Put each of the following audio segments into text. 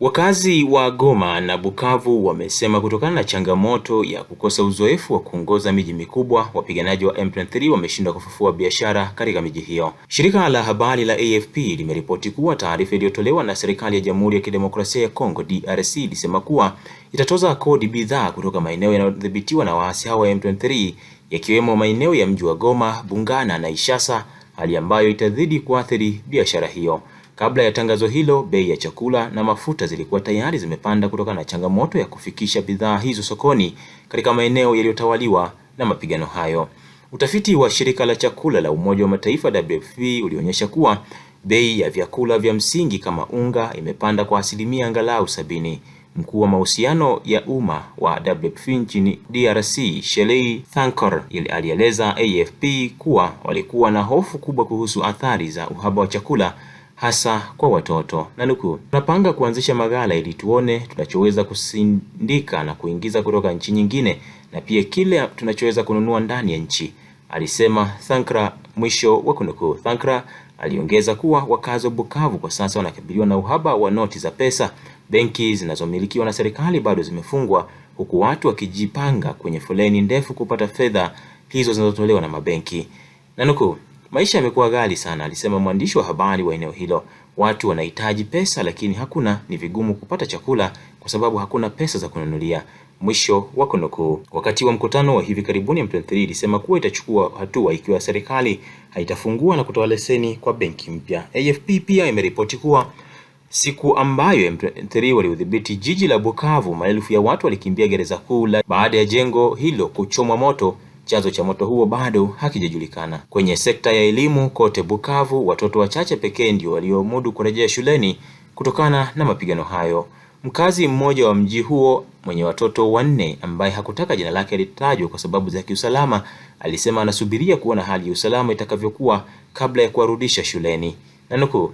Wakazi wa Goma na Bukavu wamesema kutokana na changamoto ya kukosa uzoefu wa kuongoza miji mikubwa, wapiganaji wa M23 wameshindwa kufufua biashara katika miji hiyo. Shirika la habari la AFP limeripoti kuwa taarifa iliyotolewa na serikali ya Jamhuri ya Kidemokrasia ya Kongo DRC ilisema kuwa itatoza kodi bidhaa kutoka maeneo yanayodhibitiwa na waasi hao wa M23 yakiwemo maeneo ya mji wa Goma, Bungana na Ishasa, hali ambayo itazidi kuathiri biashara hiyo. Kabla ya tangazo hilo, bei ya chakula na mafuta zilikuwa tayari zimepanda kutokana na changamoto ya kufikisha bidhaa hizo sokoni katika maeneo yaliyotawaliwa na mapigano hayo. Utafiti wa Shirika la Chakula la Umoja wa Mataifa WFP ulionyesha kuwa bei ya vyakula vya msingi kama unga imepanda kwa asilimia angalau sabini. Mkuu wa mahusiano ya umma wa WFP nchini DRC, Shelley Thankor, alieleza AFP kuwa walikuwa na hofu kubwa kuhusu athari za uhaba wa chakula hasa kwa watoto. Nanukuu, tunapanga kuanzisha maghala ili tuone tunachoweza kusindika na kuingiza kutoka nchi nyingine na pia kile tunachoweza kununua ndani ya nchi, alisema Thankra, mwisho wa kunukuu. Thankra aliongeza kuwa wakazi wa Bukavu kwa sasa wanakabiliwa na uhaba wa noti za pesa. Benki zinazomilikiwa na serikali bado zimefungwa huku watu wakijipanga kwenye foleni ndefu kupata fedha hizo zinazotolewa na mabenki. Nanukuu, Maisha yamekuwa ghali sana, alisema mwandishi wa habari wa eneo hilo. Watu wanahitaji pesa lakini hakuna, ni vigumu kupata chakula kwa sababu hakuna pesa za kununulia. Mwisho wa kunukuu. Wakati wa mkutano wa hivi karibuni M23 ilisema kuwa itachukua hatua ikiwa serikali haitafungua na kutoa leseni kwa benki mpya. AFP pia imeripoti kuwa siku ambayo M23 waliudhibiti jiji la Bukavu, maelfu ya watu walikimbia gereza kuu baada ya jengo hilo kuchomwa moto. Chanzo cha moto huo bado hakijajulikana. Kwenye sekta ya elimu kote Bukavu, watoto wachache pekee ndio waliomudu kurejea shuleni kutokana na mapigano hayo. Mkazi mmoja wa mji huo mwenye watoto wanne ambaye hakutaka jina lake litajwe kwa sababu za kiusalama, alisema anasubiria kuona hali ya usalama itakavyokuwa kabla ya kuwarudisha shuleni. Nanuku,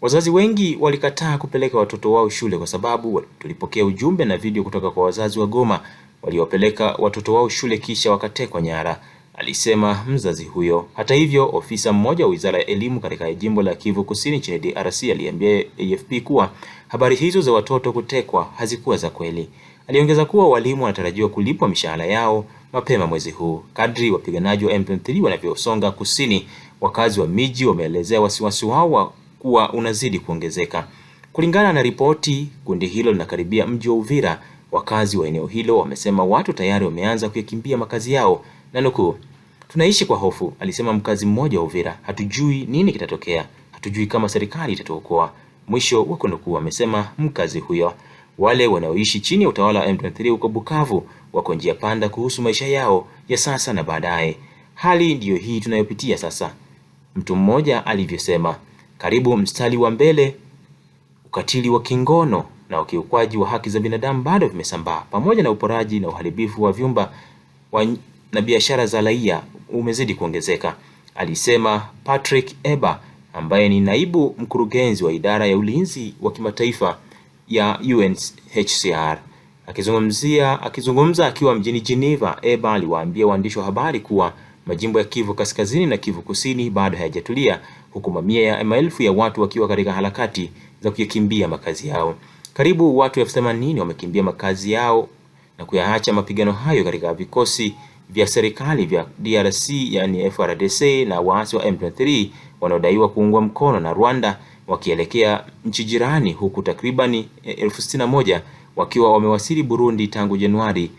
wazazi wengi walikataa kupeleka watoto wao shule kwa sababu tulipokea ujumbe na video kutoka kwa wazazi wa Goma waliopeleka watoto wao shule kisha wakatekwa nyara, alisema mzazi huyo. Hata hivyo, ofisa mmoja wa Wizara ya Elimu katika jimbo la Kivu Kusini nchini DRC aliambia AFP kuwa habari hizo za watoto kutekwa hazikuwa za kweli. Aliongeza kuwa walimu wanatarajiwa kulipwa mishahara yao mapema mwezi huu. Kadri wapiganaji wa M23 wanavyosonga kusini, wakazi wa miji wameelezea wasiwasi wao wa kuwa unazidi kuongezeka. Kulingana na ripoti, kundi hilo linakaribia mji wa Uvira Wakazi wa eneo hilo wamesema watu tayari wameanza kuyakimbia makazi yao, na nukuu, tunaishi kwa hofu, alisema mkazi mmoja wa Uvira. Hatujui nini kitatokea, hatujui kama serikali itatuokoa, mwisho wa kunukuu, amesema mkazi huyo. Wale wanaoishi chini ya utawala wa M23 huko Bukavu wako njia panda kuhusu maisha yao ya sasa na baadaye. Hali ndiyo hii tunayopitia sasa, mtu mmoja alivyosema. Karibu mstari wa mbele, ukatili wa kingono na ukiukwaji wa haki za binadamu bado vimesambaa pamoja na uporaji na uharibifu wa vyumba wa na biashara za raia umezidi kuongezeka, alisema Patrick Eba ambaye ni naibu mkurugenzi wa idara ya ulinzi wa kimataifa ya UNHCR. Akizungumzia akizungumza akiwa mjini Geneva, Eba aliwaambia waandishi wa habari kuwa majimbo ya Kivu Kaskazini na Kivu Kusini bado hayajatulia huku mamia ya maelfu ya watu wakiwa katika harakati za kukimbia makazi yao. Karibu watu elfu themanini wamekimbia makazi yao na kuyaacha mapigano hayo katika vikosi vya serikali vya DRC yani FRDC na waasi wa M23 wanaodaiwa kuungwa mkono na Rwanda wakielekea nchi jirani huku takribani elfu sitini na moja wakiwa wamewasili Burundi tangu Januari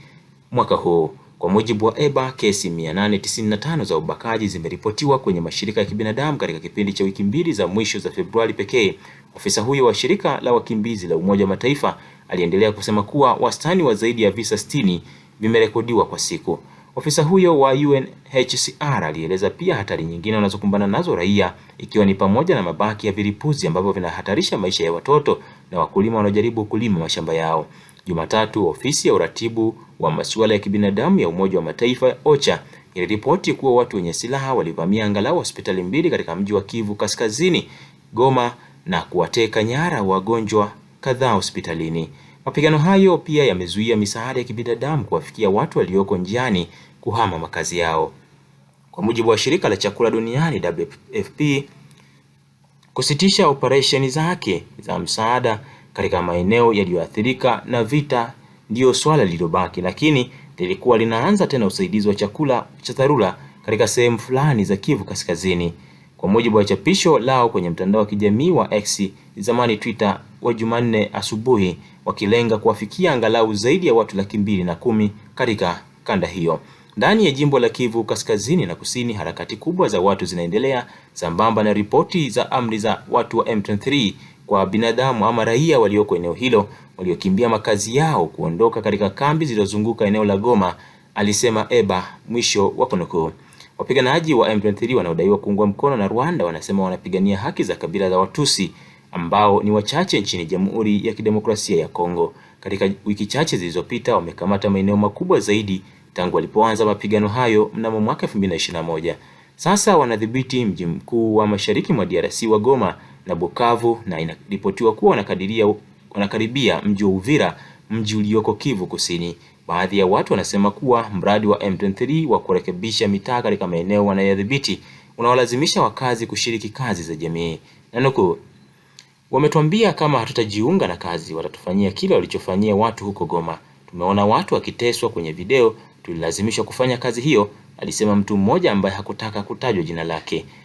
mwaka huu. Kwa mujibu wa EBA, kesi 895 za ubakaji zimeripotiwa kwenye mashirika ya kibinadamu katika kipindi cha wiki mbili za mwisho za Februari pekee. Ofisa huyo wa shirika la wakimbizi la Umoja wa Mataifa aliendelea kusema kuwa wastani wa zaidi ya visa 60 vimerekodiwa kwa siku. Ofisa huyo wa UNHCR alieleza pia hatari nyingine wanazokumbana nazo raia ikiwa ni pamoja na mabaki ya vilipuzi ambavyo vinahatarisha maisha ya watoto na wakulima wanaojaribu kulima mashamba yao. Jumatatu, ofisi ya uratibu wa masuala ya kibinadamu ya Umoja wa Mataifa OCHA iliripoti kuwa watu wenye silaha walivamia angalau hospitali mbili katika mji wa Kivu Kaskazini, Goma, na kuwateka nyara wagonjwa kadhaa hospitalini. Mapigano hayo pia yamezuia misaada ya kibinadamu kuwafikia watu walioko njiani kuhama makazi yao. Kwa mujibu wa shirika la chakula duniani WFP, kusitisha operesheni zake za msaada katika maeneo yaliyoathirika na vita ndiyo swala lililobaki, lakini lilikuwa linaanza tena usaidizi wa chakula cha dharura katika sehemu fulani za Kivu Kaskazini. Kwa mujibu wa chapisho lao kwenye mtandao wa kijamii wa X, zamani Twitter, wa Jumanne asubuhi, wakilenga kuwafikia angalau zaidi ya watu laki mbili na kumi katika kanda hiyo. Ndani ya jimbo la Kivu Kaskazini na Kusini, harakati kubwa za watu zinaendelea sambamba na ripoti za amri za watu wa M23 kwa binadamu ama raia walioko eneo hilo waliokimbia makazi yao kuondoka katika kambi zilizozunguka eneo la Goma, alisema Eba. Mwisho wa kunukuu. Wapiganaji wa M23 wanaodaiwa kuungwa mkono na Rwanda wanasema wanapigania haki za kabila za Watusi ambao ni wachache nchini Jamhuri ya Kidemokrasia ya Kongo. Katika wiki chache zilizopita wamekamata maeneo makubwa zaidi tangu walipoanza mapigano hayo mnamo mwaka 2021. Sasa wanadhibiti mji mkuu wa mashariki mwa DRC wa Goma na Bukavu na inaripotiwa kuwa wanakadiria wanakaribia mji wa Uvira, mji ulioko Kivu Kusini. Baadhi ya watu wanasema kuwa mradi wa M23 wa kurekebisha mitaa katika maeneo wanayodhibiti unawalazimisha wakazi kushiriki kazi za jamii. Nanuku, wametuambia kama hatutajiunga na kazi watatufanyia kile walichofanyia watu huko Goma. Tumeona watu wakiteswa kwenye video, tulilazimishwa kufanya kazi hiyo, alisema mtu mmoja ambaye hakutaka kutajwa jina lake.